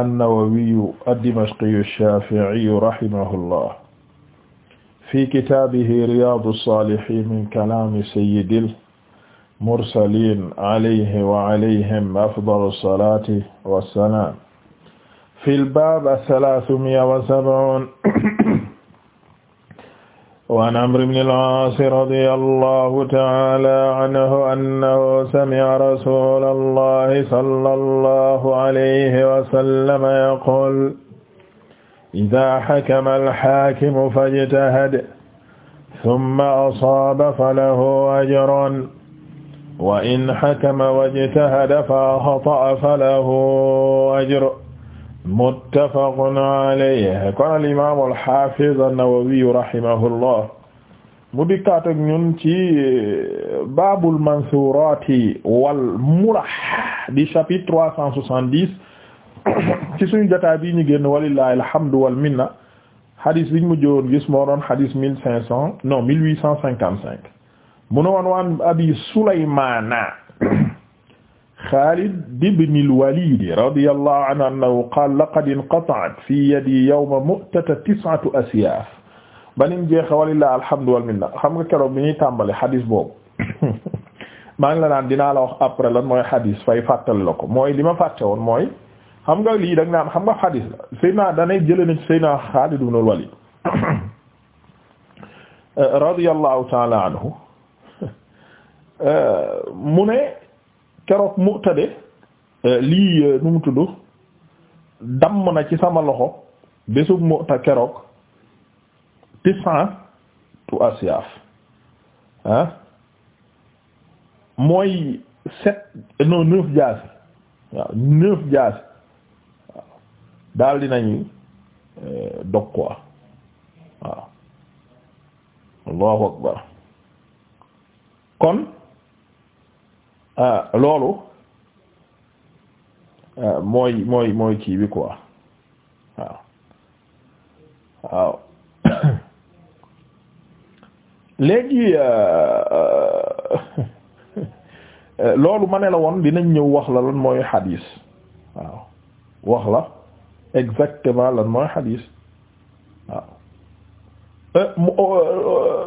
an-Nawawiyu ad-Dimashqiyu ash-Shafi'iyu rahimahullah fi kitaabihi Riyaadu s-Saalihiin min kalaami sayyidil mursaliin alayhi wa alayhim afdalu s-salaati wa s-salaam fil baab ath-thalaathumi'a wa sab'uun وعن عمرو بن العاص رضي الله تعالى عنه أنه سمع رسول الله صلى الله عليه وسلم يقول إذا حكم الحاكم فاجتهد ثم أصاب فله أجر وإن حكم واجتهد فأخطأ فله أجر muttafaqun alayhi kon al imaam al haafiz an-Nawawi rahimahullah mu dikkaat ak ñun ci baabul mansuuraati wal mulah di chapitre trois cent soixante-dix ci suñu jotaay bi ñu génn walillahi alhamdu wal minna hadis biñ mu jowoon gis moo doon mille cinq cent non mille huit mu ne woon abi Sulaymaana Xaalid ibn al-Waliid radiyallahu anhu annahu qaala laqad inqata'at fii yadii yawma Mu'tata tis'atu asyaaf ba ni mu jeexee walillaahi alhamdu wal minna xam nga keroog bi ñuy tàmbali xadis boobu maa ngi la naan dinaa la wax après lan mooy xadis fay fàttali la ko mooy li ma fàtte woon mooy xam nga lii da nga naan xam nga xadis la Seydina danay jëlee na ci Seydina Xaalid ibn keroog Mu'ta de euh, lii euh, nu mu tudd damm na ci sama loxo bésub Mu'ta keroog tisan tu asiaf ah mooy sept non neuf jaas waaw neuf jaas waaw daal dinañu euh, dog quoi waaw allahu akbar kon Euh, loolu euh, mooy mooy mooy kii bi quoi waaw waaw léegi euh, loolu ma ne la woon dinañ ñëw wax la lan mooy xadiis waaw wax la exactement lan mooy xadiis waaw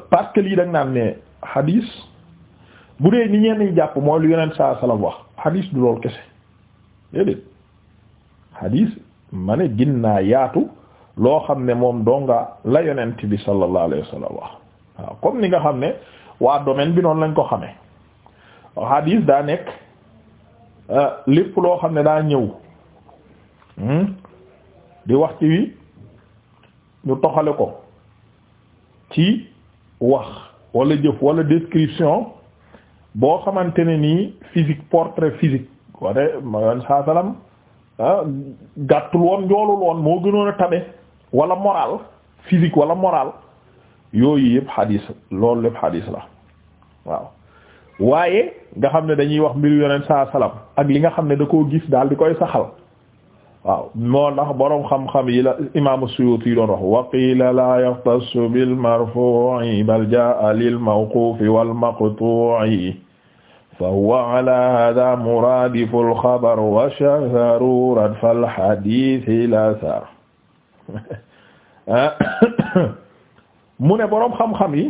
parce que lii dañ naan ne xadiis bu dee ni ñeen ñi jàpp mooy lu yeneen saa salaam wax hadis du loolu kese déedéet hadis ma ne ginnaa yaatu loo xam ne moom donga la yonent bi sallallahu alayhi wa wax waaw comme ni nga xam ne waa domaine bi noonu lañ ko xamee hadis daa nekk euh, lépp loo xam ne daa ñëw hmm, di wax ci ñu toxale ko ci wax walla jëf wala description boo xamante ne nii physique portrait physique wate mayoon saa ah, gàttul woon njoolul woon moo gënoon a tabe wala moral physique wala moral yooyu yëpp xadiis loolu lépp xadiis la waaw waaye nga xam ne dañuy wax mbir yonent saa salam ak li nga xam ne da koo gis daal di koy saxal waaw moo tax boroom xam-xam yi la imaamu Suyuti yi doon wax wa qiila laa bil marfuu'i bal jaa'a lil mawquufi wal maqtuu'i فهو على هذا مرادف الخبر وشذرورا فالحديث الأثر mu ne boroom xam-xam yi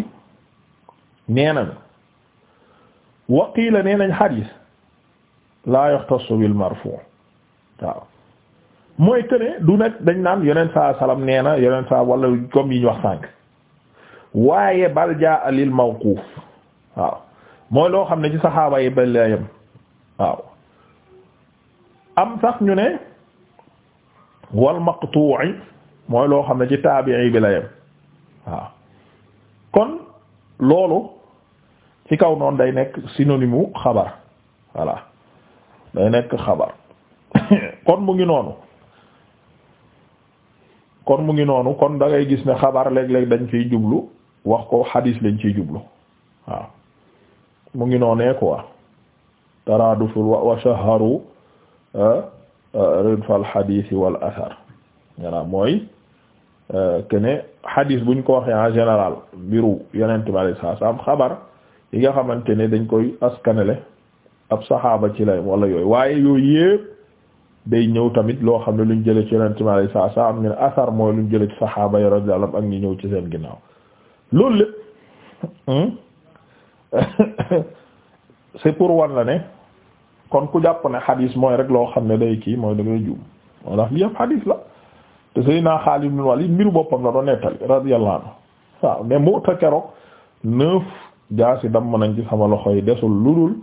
nee nañu waqiila nee nañ xadiis laa yaxtassu bil marfuu' waaw mooy que ne du nekk dañ naan yeneen saa salaam nee na yeneen saa wala comme yi ñu wax sànq waaye bal jaa lil mawquuf waaw. mooy loo xam ne ci saxaaba yi ba layam waaw am sax ñu ne wal maqtu'i mooy loo xam ne ci taabi'i bi waaw kon loolu ci kaw noonu day nekk synonyme xabar voilà day nekk xabar kon mu ngi noonu kon mu ngi noonu kon dangay gis ne xabar léeg-léeg dañ ciy jublu wax ko xadiis lañ ciy jublu waaw mu ngi noonee quoi taraduful wa shaharu eh, eh, ridfal hadith wal athar voilà mooy eh, que ne hadith buñ ko waxee en général mbiru yonent bi sallallahu alayhi wasallam xabar yi nga xamante ne dañ koy askanale ab saxaaba ci lay wala yooyu waaye yooyu yépp day ñëw tamit loo xam ne luñ jëlee ci yonent bi sallallahu alayhi am ñu mooy luñ jëlee ci saxaaba yi radiyallahu anhum ak ñi ñëw ci seen ginnaaw loolu lépp. Hmm? c'est pour wan la ne kon ku jàpp ne xadiis mooy rek loo xam ne day kii mooy dangay ngay juum moo tax li yëpp xadis la te Seydina Xaalid ibn Walid mbiru boppam la doo nettali radiyallahu anhu waaw ne Mu'ta keroog neuf jaasi damm nañ ci sama loxo yi desul ludul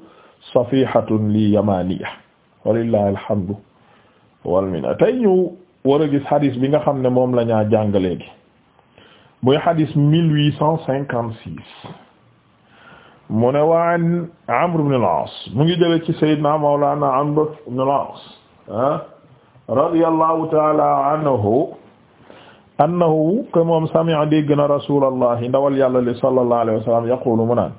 safihatun lii yamaniya walillahi alhamdu wal minna tey ñu war a gis xadis bi nga xam ne moom lañaa ñaa jàng léegi muy xadis mille huit cent cinquante six mu ne wa an Amr ibn al-As mu ngi jële ci sayyidina mawlana Amr ibn al-As ah radiyallahu ta'ala anhu annahu que moom sami'a dégg na rasulullah ndawal yàlla li sallallahu alayhi wa sallam yaqulu mu naan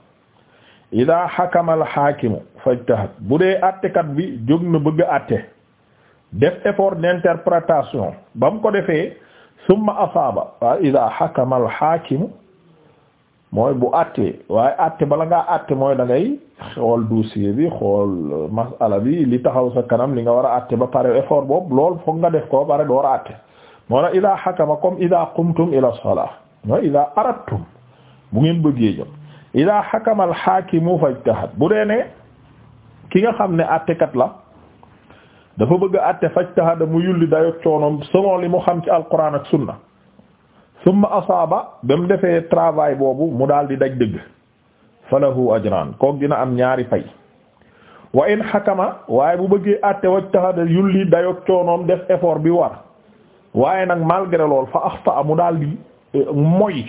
ida hakama al-hakimu fajtahad bu dee attekat bi jóg na bëgg a atte def effort d'interprétation ba ko defee summa asaaba wa ida hakama mooy bu àttee waaye àtte bala ngaa àtte mooy da ngay xool dossier bi xool euh, masala bi li taxaw sa kanam li nga war a àtte ba pare effort boobu lool foog nga def ko ba pare door a àtte moo la ida xakama comme ida qumtum ila salah mooy ida aradtum bu ngeen bëggee jëm ida xakama al xaakimu fajtahad bu dee ne ki nga xam ne àttekat la dafa bëgg a àtte fajtahada mu yulli dayo coonom selon li mu xam ci alquran ak sunna summa asaaba ba mu defee travail boobu mu daal di daj dëgg falahu ajran kook dina am ñaari fay wa in xakama waaye bu bëggee àtte wajtahada yulli dayoog coonoom def effort bi war waaye nag malgré lool fa axta mu daal di eh, moy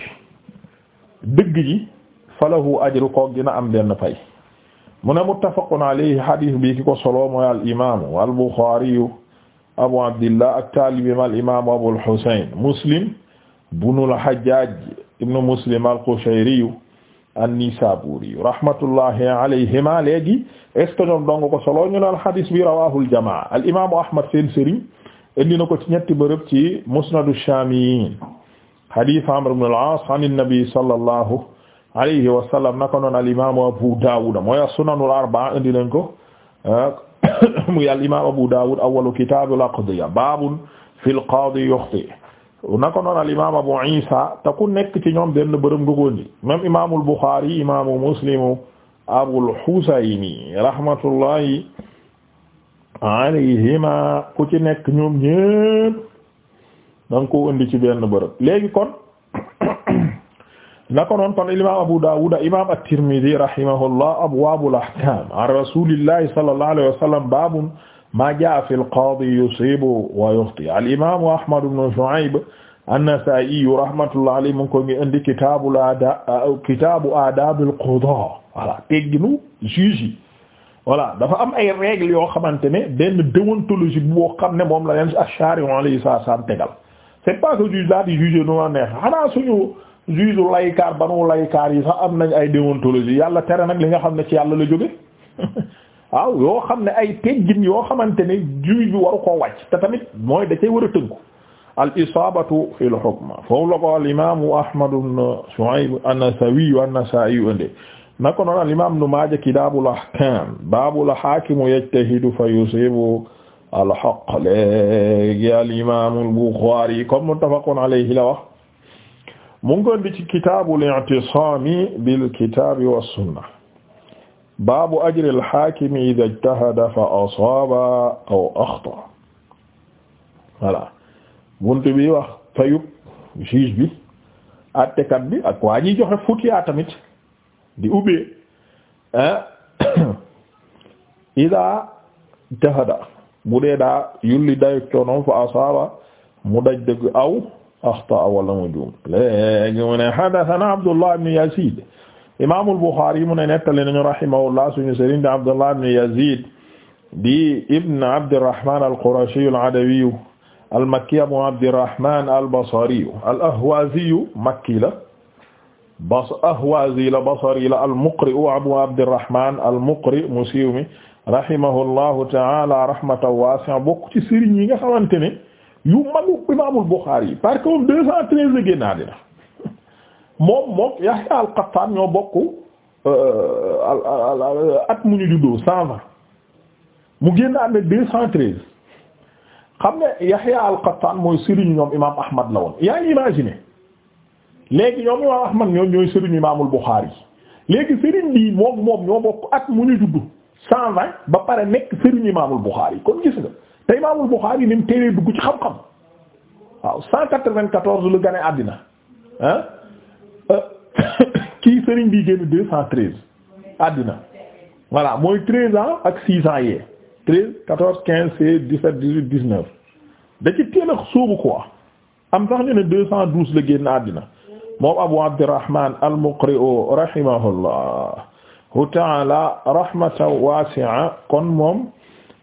dëgg ji falahu ajru kook dina am benn fay mu ne muttafaqun alayhi hadith bi ki ko solo al imaamu al buxaariyu abu abdillah ak taalibeem al imaamu abul husayn muslim bunul Hajjaj ibnu Muslim al-Qushayri an-Nisaburi rahmatullahi alayhima léegi est ce que ñoom dong ko solo ñu ne al-hadis bi rawahul jamaa al-imaamu Ahmad seen sëriñ indi na ko ci ñetti bërëb ci musnadu shaamiyiin hadis Amr ibn al-Aas an an-nabi sallallahu alayhi wa sallam naka noonu al-imaamu Abu Dawud mooy as-sunanul arba'a indi nañ ko muy al-imaamu Abu Dawud awwalu kitaabul aqdiya baabun fil qaadi yuxti na ko al imam Abu Isa te ku nekk ci ñoom benn bërëm nga ko indi même imamul Bukhari imamu Muslimu Abul Husayni rahmatullahi alayhima ku ci nekk ñoom ñépp da nga ko indi ci benn bërëb léegi kon na ko noon kon imam Abu Dawud ahkaam an rasulillahi sallallahu alayhi ma jaa fi al-qaadi yusiibu wa yuxti al-imaamu Ahmad ibn Shu'ayb an-Nasaa'i rahmatullahi alayhi mu ngi ko ngi indi kitaabu aadaab kitaabu aadaabil qudaa voilà tegginu juge yi voilà dafa am ay règles yoo xamante ne benn déontologie boo xam ne moom la leen ash-shaari'u alayhi salaam tegal c'est pas que juge daa di juger nu ma neex xanaa suñu juge laykaar banu laykaar yi sax am nañ ay déontologie yàlla tere nag li nga xam ne ci yàlla la jóge waaw yoo xam ne ay teggin yoo xamante ne juge bi waru koo wàcc te tamit mooy da cay war a tënku al isaabatu fi al hukm foofu la ko al imaamu Ahmad ibn Shu'ayb an-Nasawi wa an-Nasa'i ande na ko noon al imaam Ibn Maaja kitaabul ahkaam baabul haakimu yajtahidu fa yusiibu al haqq léegi al imaamu al Buxaari comme muttafaqun alayhi la wax mu ngi ko indi ci kitaabul i'tisaami bil kitaabi was sunna baabu ajri al-haakimi idaa ijtahada fa asaaba aw axta voilà buntu bi wax fayub juge bi àttekat bi ak waa ñuy joxe futiyaa tamit di ubbee idaa ijtahada bu dee daa yulli dayu coonoom fa asaaba mu daj dëgg aw axta wala mu juum léegi mu ne haddasanaa Abdullah ibn Yaziid imaamul Buxaari mu ne nettali nañu rahimahullah suñu sëriñ di Abdullah ibn Yazid di ibn Abdirrahman al-Qurashi al-Adawi al-Makki Abu Abdirrahman al-Basri al-Ahwazi Makki la bas Ahwazi la Basri la al-Muqri Abu Abdirrahman al-Muqri mu siiw mi rahimahullahu ta'ala rahmatan waasi'a bokk ci sëriñ yi nga xamante ne yu magu imaamul Buxaari parce que moom deux cent treize génnaa dina moom mook Yahya al-Qattan ñoo bokk euh, at mu ñu juddoo cent vingt mu génn am ne deux cent treize xam ne Yahya al-Qattan mooy sëriñu ñoom imam Ahmad la woon yaa ngi imaginer léegi ñoom imam Ahmad ñoom ñooy sëriñu imaamul Bukhari léegi sëriñ bii moom moom ñoo bokk at mu ñu juddu cent vingt ba pare nekk sëriñu imaamul Bukhari kon gis nga te imaamul Bukhari ni mu teelee dugg ci xam-xam waaw cent quatre-vingt-quatorze lu gane àddina ah kii sëriñ bi génn deux cent treize àddina voilà mooy treize ans ak six ans yee treize quatorze quinze seize dix-sept dix-huit dix-neuf da ci teel a sóobu quoi am sax ñu ne deux cent douze la génn àddina moom Abu Abdurrahman al-Muqri'u rahimahullahu ta'ala rahmatan wasi'a kon moom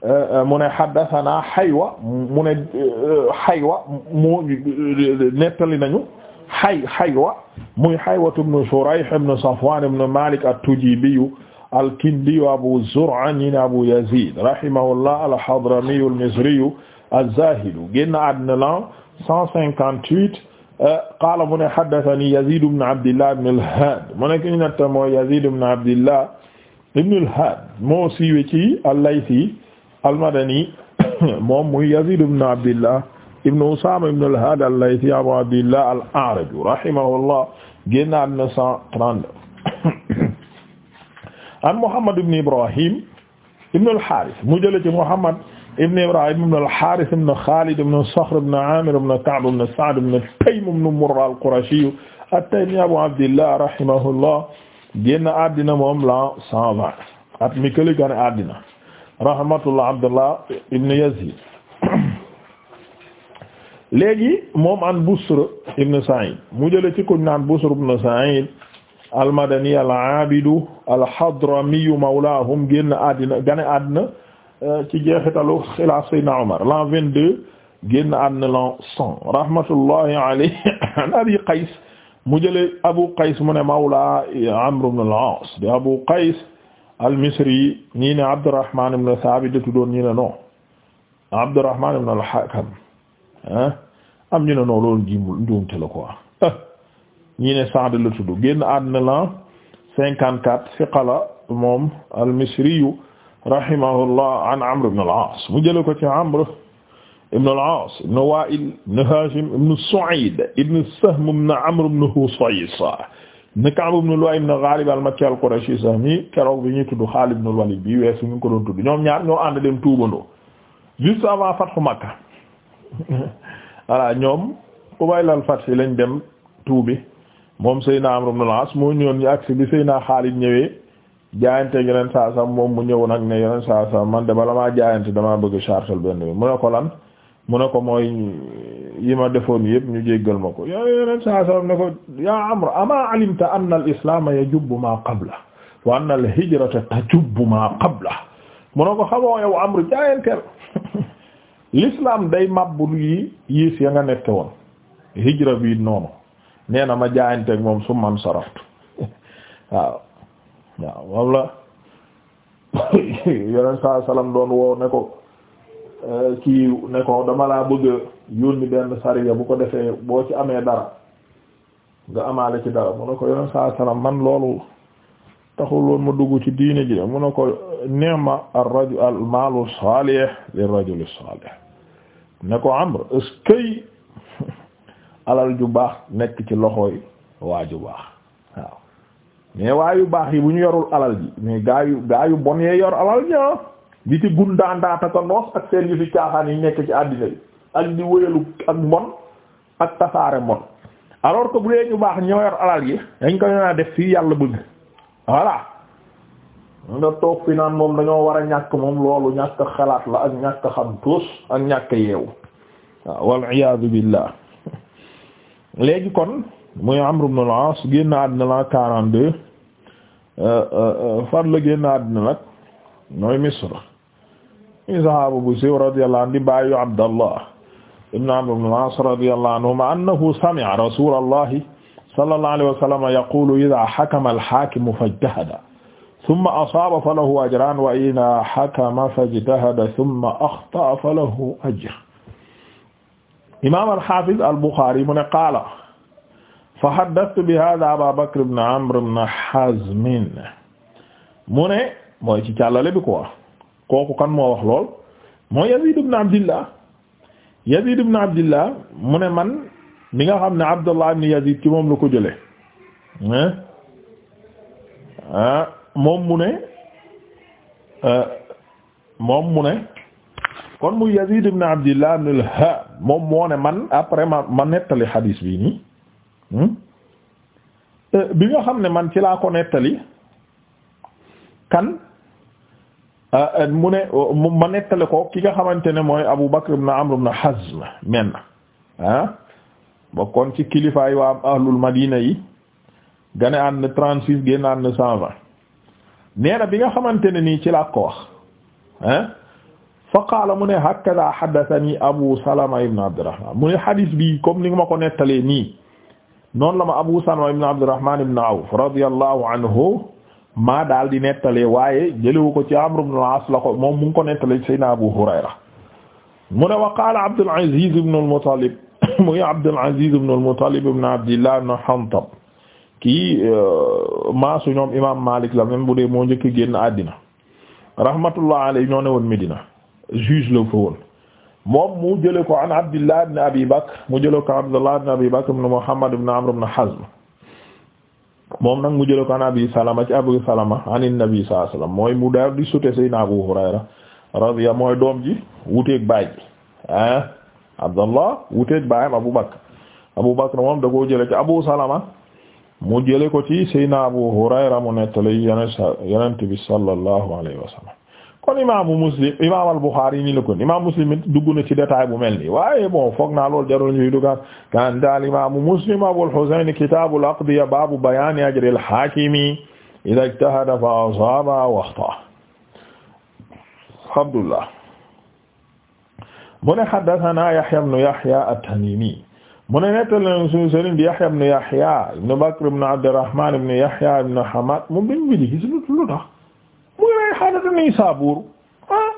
euh, mu ne haddathana Haywa mu ne euh, Haywa mu nettali nañu hay haywa muy haywatu ibn shurayh ibn safwan ibn malik at-tujibiyu al-kindiyu abu zur'a ñi abu yazid rahimahullah al-hadramiyu al-misriyu az-zahidu génn àddina lan 158 euh, qaala mu ne haddathani yazid ibn abdillah ibn al-had mu nekk ñu netta moo yazid ibn abdillah ibn al-had moo siiwe ci al-laythi al-madani moom muy yazid ibn abdillah ibnu Usaama ibnu al Abu Abdillah al-A'raj rahimahullah génn àddina 130 an Muhammad Muhammad ibnu Ibrahim ibnu al-Haaris ibnu Xaalid ibnu Saxr ibnu Aamir ibnu Ka'b ibnu Sa'd ibnu Taym ibnu Murra al-Qurashi at-Taymi Abu Abdillah rahmatullah Abdullah ibnu Yazid léegi moom an Busr ibn Sa'id jële ci kuñ naan Busr al-Madani al-Abidu al-Hadramiyu mawlaahum génn àddina gane àddina euh, ci jeexitalu xilaaf Seydina Omar l'an vingt-deux génn àddina l'an rahmatullahi alayhi an Abi Qays mu jële Abu Qays mu ne mawla Amr ibn al-As de Abu Qays al-Misri ñii ne Abdurrahman ibn al-Hakam am ñu ne noo loolu njiimul njuumte la quoi ne Saad la tudd génn àddina la cinquante quatre siqala moom al-Misriyu rahimahullah an Amr ibn al-As mu jële ko ci Amr ibn al-As ibn Wa'il ibn Hashim ibn Su'ayd ibn Sahm ibn Amr ibn Husaysa ibn Ka'b ibn Lu'ay al-Makki al-Qurashi Sahmi keroog bi ñuy tudd Khalid ibn al-Walid bi weesu ñu ngi ko doon tudd ñoom voilà ñoom ubaylal fath lañ dem tuubi moom Seydina Amr ibn al-As moo ñëwoon ñu agsi bi Seydina Xaalid ñëwee jaayante yeneen saa moom mu ñëw nag ne yeneen saa saa man de bala maa jaayante damaa bëgg chartal benn bi mu ne ko lan mu ne ko mooy yi ma defoon yëpp ñu jéggal ma ko yeneen saa saa ne ko yaa Amr amaa alimta anna al-islaama yajubbu maa qabla wa anna al-hijrata tajubbu maa qabla mu ne ko xamoo yow Amr jaayanteel l'islam day mabbul yi yiis ya nga nekk woon hijra bi noonu nee na ma jaayanteeg moom su man saraftu waaw waaw moom la yoneen saa salam doon woo ne ko euh, kii dama laa bëgg yónni benn sariya bu ko defee boo ci amee dara nga amaale ci dara mu ne ko yoneen saa salam man loolu taxul woon ma dugg ci diine ji mu a ko ni'ma ar rajul al maalu salih li rajul salih ne ko Amr eskey alal ju baax nekk ci loxooy waa ju baax waaw mais waa yu baax yi bu ñu yorul alal ji mais gaa yu gaa yu bon yee yor alal ji ah di daa gundaandaata ko noos ak seen yu fi caaxaan yi nekk ci àddina bi ak di wëyalu ak mbon ak tasaare mbon alors que bu dee ñu baax ñoo yor alal ji dañ ko naa def fii yàlla bëgg voilà nga moom dañoo war a ñàkk moom loolu ñàkk xalaat la ak ñàkk xam tuus ak ñàkk yeewu waaw wal iyaadu billah léegi kon muy Amr ibn al-As génn àddina la quarante-deux euh, euh, euh, fan la génn àddina nag nooy Misr muy sahaaba bu siiw radiyallahu anhu di bàyyu Abdallah ibn Amr ibn al-As radiyallahu anhuma annahu sami'a rasulallahi sallallahu alayhi wa sallam yaqulu idha hakama al-hakimu fajtahada summa asaaba falahu ajraan wa idaa hakama fajtahada summa axta'a falahu ajr imaam al-haafiz al-Buxaari mu ne qaala fa haddathtu bi haaza Abaa Bakr ibn Amr ibn Hazm mu ne mooy ci càllale bi quoi kooku kan moo wax lool mooy Yaziid ibn Abdillah Yaziid ibn Abdillah mu ne man mi nga xam ne Abdullah ibn Yaziid ci moom la ko jëlee ah. moom mu ne euh, moom mu ne kon mu Yazid ibn Abdillah ibn moom moo ne man après ma nettali xadiis bi nii hmm? euh, bi nga xam ne man ci laa ko nettali kan euh, mu ne ma nettali ko ki nga xamante ne mooy Abu Bakr ibn Amr ibn Hazm men ah bokkoon ci kilifaay waa ahlul Madina yi gane ànd trente six génn ànd cent vingt nee na bi nga xamante ne nii ci laa ko wax mu ne hakada hadathani abu salama ibn abdirahman mu ne hadis bi comme ni nga ma ko nettalee nii noonu la ma abu salama ibn abdirahman ibn awf radiyallahu anhu maa daal di nettalee waaye jëlewu ko ci amr ibn la ko moom mu ko nettalee sayna abu hurayra mu ne wa qaala abdul aziz ibn al-muttalib muy abdul aziz ibn al-muttalib kii euh, maasu ñoom imam Malik la même bu dee moo njëkk génn àddina rahmatullah alayhi ñoo ne woon Medina juge la fa moom mu jële ko an Abdullah ibn Abi Bakr mu jële ko Abdullah ibn Abi Bakr ibn Muhammad ibn Amr ibn Hazm moom nag mu jële ko an Abi Salama ci Abu Salama an Nabi sallallahu mooy mu daal di sute Seydina Abu Hurayra radiya mooy doom ji wuteeg baay ji ah Abdullah wuteeg baayam Abu Bakr Abu Bakr moom da jële ci Abu Salama mu jële ko ci sayna Abu Hurayra mu nettali yonent bi sallallahu alayhi wa sallam kon imaamu Muslim imaam al-Bukhari ni la Muslim it dugg na ci détail mel nii waaye bon foog naa loolu jarul ñuy dugaat kan daal imaamu Muslim Abul Husayn kitaabul aqdiya baabu bayaani ajril haakimi idaa ijtahada fa asaaba wa axta'a Abdullah mu Yahya ibn Yahya at mu ne nettali nañu suñu sëriñ di Yahya ibn Yahya ibn Bakr ibn Abdurrahman ibn Yahya ibn Hamad moom dañu mujj gis lu lu mu ngi lay xaadata Naysabur ah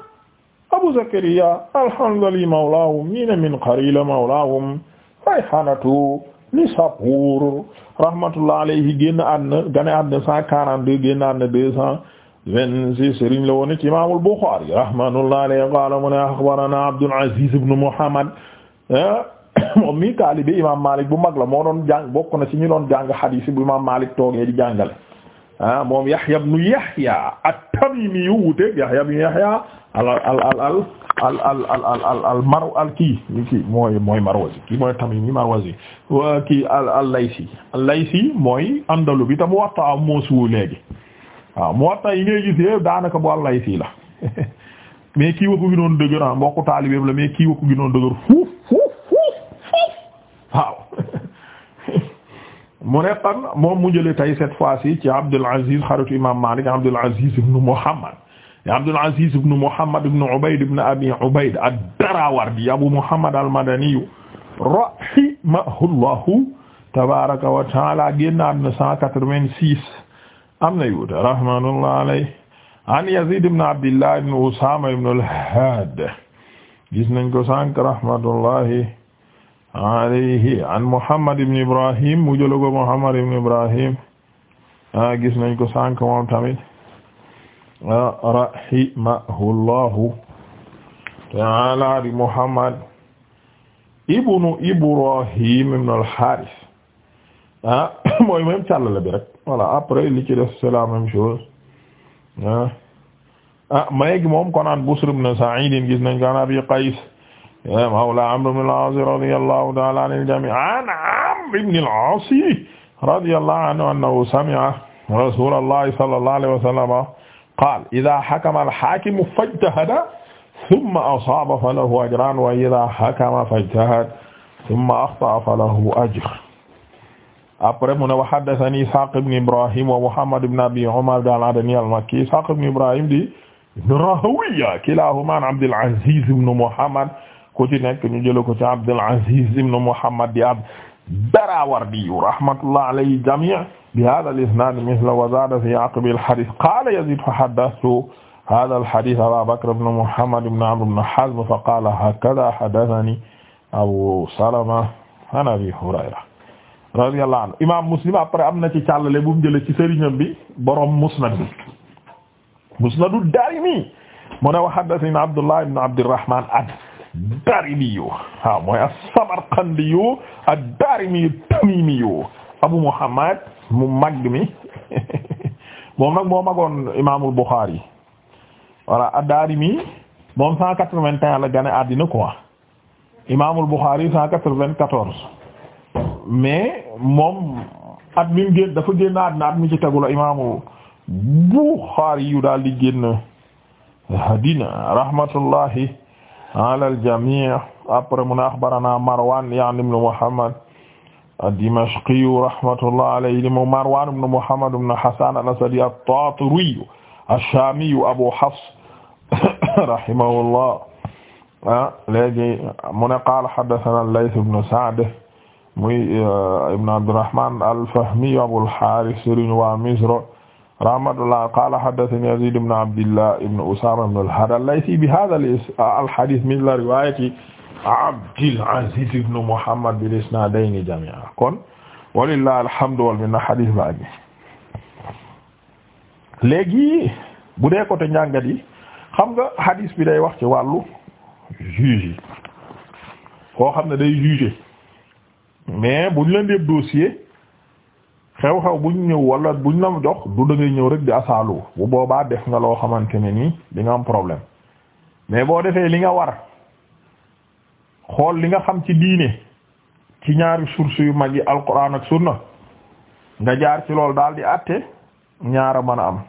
Abu Zakariya al-Handali mawlaahum ñii min Qarila mawlaahum rayhaanatu Naysabur rahmatullah alayhi génn àddina gane àddina cent quarante-deux génn àddina deux cent vingt-six sëriñ la woon ci Imaamul Buxaari rahmatullah alayhi qaala mu ne axbarana Abdul Aziz ibn Muhammad ah, moom mii taalibe imaam Malik bu mag la moo doon jàng bokk na ci ñu doon jàng xadiis bu imaam Malik toogee di jàngale ah moom Yahya ibn Yahya at-Tamimi yu Yahya ibn Yahya al al al al al kii mooy Marwazi kii mooy Tamimi Marwazi kii al al Laysi mooy andalu bi tam Muwatta am moo suwu léegi waaw Muwatta yi ngay gis yëpp daanaka bu al Laysi la mais kii wa ko gënoon dëgër ah mbokku taalibeem la mais kii wa ko gënoon dëgër fuuf mu ne fan moom mu jëlee tey cette fois ci ci Abdul Aziz xaritu imaam Maalik Abdul Aziz ibn Muhammad Abdul Aziz ibn Muhammad ibn Ubayd ibn Abi Ubayd ad-Darawardi Abu Muhammad al-Madani rahimahullahu tabaaraka wa ta'aala génn na cent quatre-vingt-six am na yuute rahmatullahi alayhi an Yazid ibn Abdillah ibn Usaama ibn al-Haad gis nañ ko sànq rahmatullahi alayhi an Muhammad ibn Ibrahim mu jëloon ko Muhammad ibn Ibrahim ah gis nañ ko sànq moom tamit rahimahullahu ta'ala di Muhammad ibn Ibrahim ibn al-Harith ah mooy même càllale bi rek voilà après li ci def c'est la même chose ah ah léegi moom kon an Busr ibn Sa'id gis nañ ko an Abi Qays Eh, mawla Amr ibn al-As radiyallahu ta'ala an al-jami' an Amr ibn al-As radiyallahu anhu annahu sami'a rasulallahi sallallahu alayhi wa sallam qaala idha hakama al-hakimu fajtahada thumma asaba falahu ajran wa idha hakama fajtahada thumma akhta'a falahu ajr après mu ne wa haddathani Ishaq ibn Ibrahim wa Muhammad ibn Abi Umar al-Adani al-Makki Ishaq ibn Ibrahim di ibn Rahawayh kilahuma an Abdul Aziz ibn Muhammad ku ci nekk ñu jëla ko ci Abdul Aziz ibn Muhammad di ab Darawardi rahmatullah alayhi jami' bi hadha al-isnad mithla wa zada fi aqbi al-hadith qala Yazid fa haddathtu hadha al-hadith Aba Bakr ibn Muhammad ibn Amr ibn Hazm fa qala hakadha haddathani Abu Salama an Abi Hurayra radiyallahu anhu imam Muslim après am na ci càllale bu mu jëlee ci sëriñam bi borom Musnad Musnad ad-Darimi mu ne wa haddathani Abdullah ibn Abdirrahman ad daarimiyu waaw ah, mooy as-Samarqandiyu ad-Daarimiyu Tamimiyu Abu Muhammad mu mag mi moom nag moo magoon Imaamul Buxaari voilà ad-Daarimi moom cent quatre-vingt-un la gane àddina quoi Imaamul Buxaari cent quatre quatorze mais moom at mi génn dafa génn àddina at mi ci tegu la Imaamul Buxaari yu daal di génn àddina rahmatullahi ala al-jamii après mu ne axbarana Marwan yaani ibnu Muhammad ad-Dimashqi rahmatullah alayhi li mu Marwan ibnu Muhammad ibnu Hasan al-Asadi at-Tatri ash-Shami Abu Hafs rahimahullah ah, léegi mu ne qaala haddathana al-Layth ibnu Sa'd muy euh, ibnu Abdurrahman al-Fahmi Abul Harith Sëriñ waa Misr rahmatullah qala hadathani yazid ibn abdillah ibn usama ibn al-had al-laythi bi hadha al-hadith mithla riwayati abdil aziz ibn muhammad bil isnadayni jami'an kon walillahi alhamdu minna hadith baa gi léegi bu dee côté njàngat yi xam nga hadith wax ci wàllu juge koo xam ne day juger mais buñ leen dossier xew-xew ñu ñëw walla bu buñ la jox du da ngay ñëw rek di asaalu bu boobaa def nga loo xamante ne nii di nga am problème mais boo defee li nga war xool li nga xam ci diine ci ñaari source yu mag yi alquran ak sunna nga jaar ci loolu daal di àtte ñaara mën a am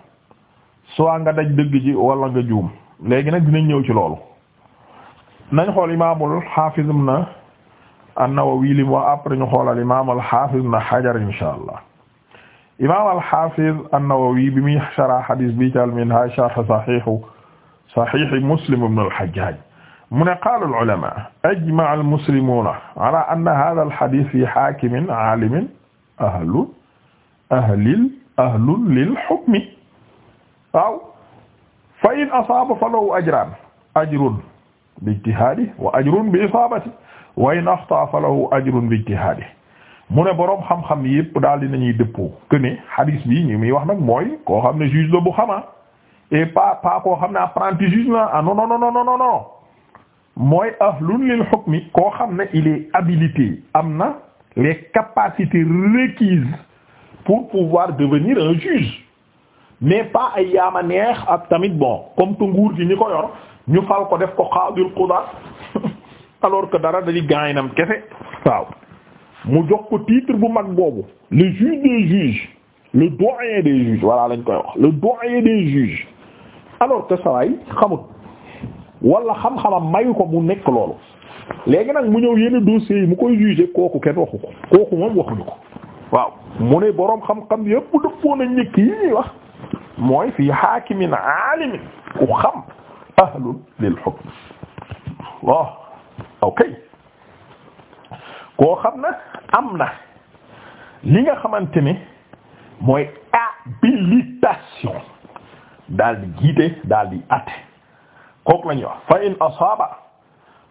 soit nga daj dëgg ji walla nga juum léegi nag dinañ ñëw ci loolu nañ xool imaamul xaafis na an-Nawawi lim wa après ñu xoolal imaamul xaafis na Hajar insha allah imaam al-Hafiz an-Nawawi bi muy sharh hadis bi ci al-Minhaj sharh sahihu sahihi Muslim ibn al-Hajjaj mu ne qaala al-ulamaa ajma'a al-muslimuuna ala anna haadha al-hadith fi haakimin aalimin ahlun ahlil ahlun lil hukmi waaw fa in asaaba falahu ajraan ajrun bi ijtihaadihi wa ajrun bi isaabatihi wa in axta'a falahu ajrun bi ijtihaadihi mu ne boroom xam-xam yëpp daal di nañuy dëppoo que ne hadis bi ñu muy wax nag mooy koo xam ne juge la bu xama et pas koo xam ne apprenti juge la ah non non non mooy ahlun lil hukmi koo xam ne il est habilité am na les capacités requises pour pouvoir devenir un juge mais pas ay neex ak tamit bon comme que nguur gi ñi ko yor ñu fal ko def ko xaadul qudat alors que dara dañuy gaañinam nam waaw. mu jox ko titre bu mag boobu le juge des juges le doyen des juges voilà lañ koy wax le doyen des juges alors que sawaay xamut walla xam-xamam mayu ko mu nekk loolu léegi nag mu ñëw yenn dossiers yi mu koy juger kooku kenn waxu ko kooku moom waxuñu ko waaw mu ne boroom xam-xam yépp dëppoo nañ nekk yi mooy fii haakimin aalimin ku xam ahlul lil hukm okay koo xam na am na li nga xamante ni mooy habilitation daal di jiite daal di atte kooku la wax fa in asaba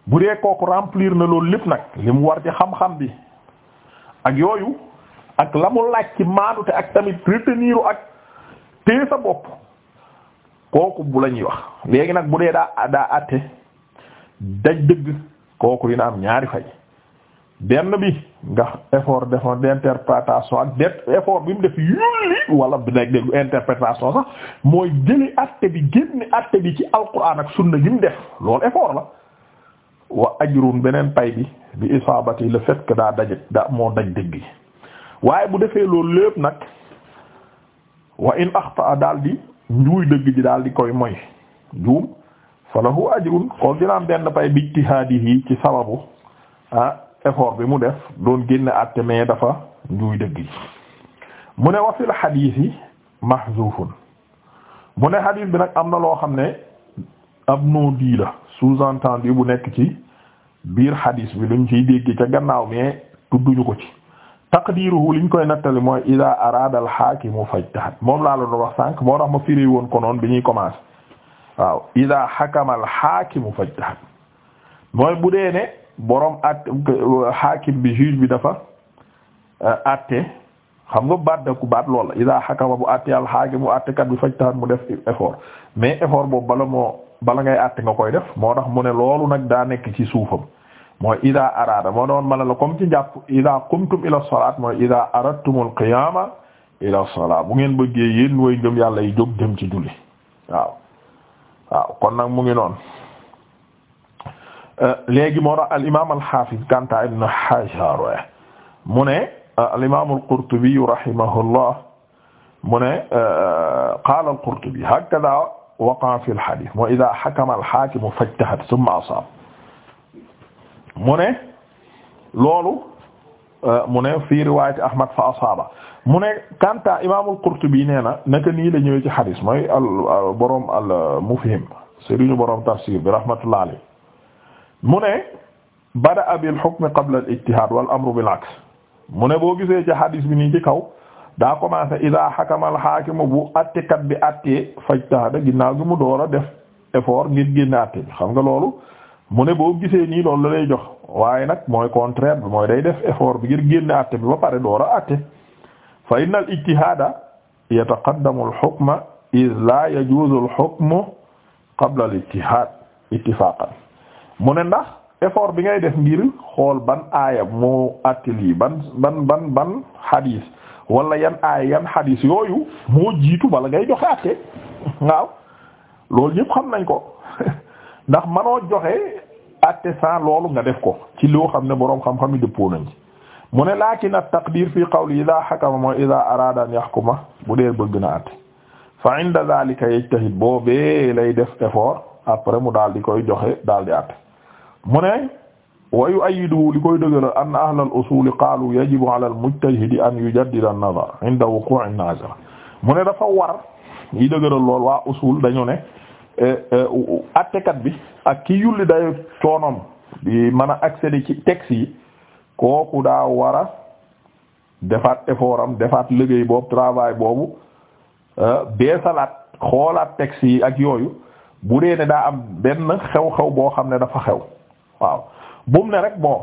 bu dee kooku remplir na loolu lépp nag li mu war ci xam-xam bi ak yooyu ak la mu laaj ci maanute ak tamit retenir ak téye sa bopp kooku bu la wax léegi nag bu dee daa daa atte daj dëgg kooku dina am ñaari fay benn bi nga effort defoon d'interprétation ak det effort bi mu def yulli wala bi nag dégg interprétation sax mooy jëli acte bi génne acte bi ci alquran ak sunna gi mu def loolu effort la wa ajrun beneen pay bi bi isaabati le fait que daa daj daa moo daj dëgg yi waaye bu defee loolu lépp nag wa in axtaa daal di njuuy dëgg ji daal di koy moy juum falahu ajrun kon dina am benn pay bi ijtihaadihi ci sababu ah effort bi mu def doon génn àtte mais dafa njuuy dëgg ji mu ne wa fil xadiis yi mahzuufun mu ne xadiis bi nag am na loo xam ne ab non-dit la sous-entendu bu nekk ci biir xadiis bi duñ ciy dégg ca gannaaw mais tudduñu ko ci taqdiruhu liñ koy nattali mooy ida araada al xaakimu fajtahad moom laalo la wax sànq moo tax ma firi woon ko noonu bi ñuy commencer waaw ida xakama al xaakimu fajtahad mooy bu dee boroom at bi juge bi dafa euh, atte xam nga baat da ku baat lool idaa hakama bu atte al hakim bu attekat bi fajtahan mu def effort mais effort boobu bala moo bala ngay atte nga koy def moo tax mu ne loolu nag daa nekk ci suufam mooy idaa araada moo doon ma mën la comme ci jàpp idaa qumtum ila salaat mooy idaa aradtumul qiyaama ila salaat bu ngeen bëggee yéen way ngëm yàlla yi jóg dem ci julli waaw waaw kon nag mu ngi noon Euh, léegi moo tax al imaam al xaafiz Kanta ibn Hajar mu ne euh, al imaam al Qurtubi rahimahullah mu ne euh, qaala al Qurtubi hakaza waqa'a fi al hadiis wa izaa hakama al haakimu fajtahada summa asaaba mu ne loolu mu ne fii riwaayati Ahmad fa asaaba mu ne Kanta imaam al Qurtubi nee na naka nii la ñëwee ci hadiis mooy al borom al Mufhim sëriñu borom tafsir bi rahmatullahi alayhi mu ne bada'a bil hukm qabla al wa wal amru bil aks mu ne boo gisee ci hadis bi nii ci kaw daa commencé ida hakama al hakim bu attekat bi attee fajtahada ginnaaw gi mu door a def effort ngir génn atte bi xam nga loolu mu ne boo gisee nii loolu la jox waaye nag mooy contraire bi mooy day def effort bi ngir génn atte bi ba pare door a atte fa inna al ijtihada yataqaddamu al hukma la yajuzu al hukmu qabla al ijtihad ittifaqan mu ne ndax effort bi ngay def ngir xool ban aaya moo attili ban ban ban ban xadiis wala yan aaya yan xadiis yooyu moo jiitu bala ngay joxe atte waaw loolu yëpp xam nañ ko ndax manoo joxe atte sa loolu nga def ko ci loo xam ne boroom xam-xam yi dëppoo nañ mu ne laakin at taqdir fi qawli ida xakama mooy ida arada an yaxkuma bu dee bëgg na atte fa inda zalika yajtahid lay def effort mu daal di koy joxe daal di mu ne wa yu'ayyiduhu li koy dëgëral anna ahla al-usul qaalu yajibu ala al-mujtahidi an yujaddida an-nazar inda wuqu'i an-nazir mu ne dafa war yi dëgëral lool waa usul dañu ne eh, eh, attekat bi ak ki yulli dayo coonoom di mën a accéder ci texte yi kooku daa war a defaat effort defaat liggéey boobu travail boobu eh, beesalaat xoolaat texte yi ak yooyu bu dee ne daa am benn xew-xew boo xam ne dafa xew waaw bu mu ne rek bon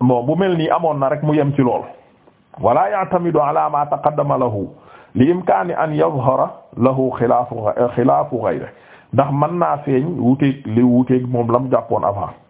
bu mel nii amoon na rek mu yem ci lool wala ya'tamidu ala ma taqaddama lahu li imkaani an yadhhara lahu xilaafu xilaafu ghayri ndax mën naa feeñ wuteeg li wuteeg moom mu jàppoon avant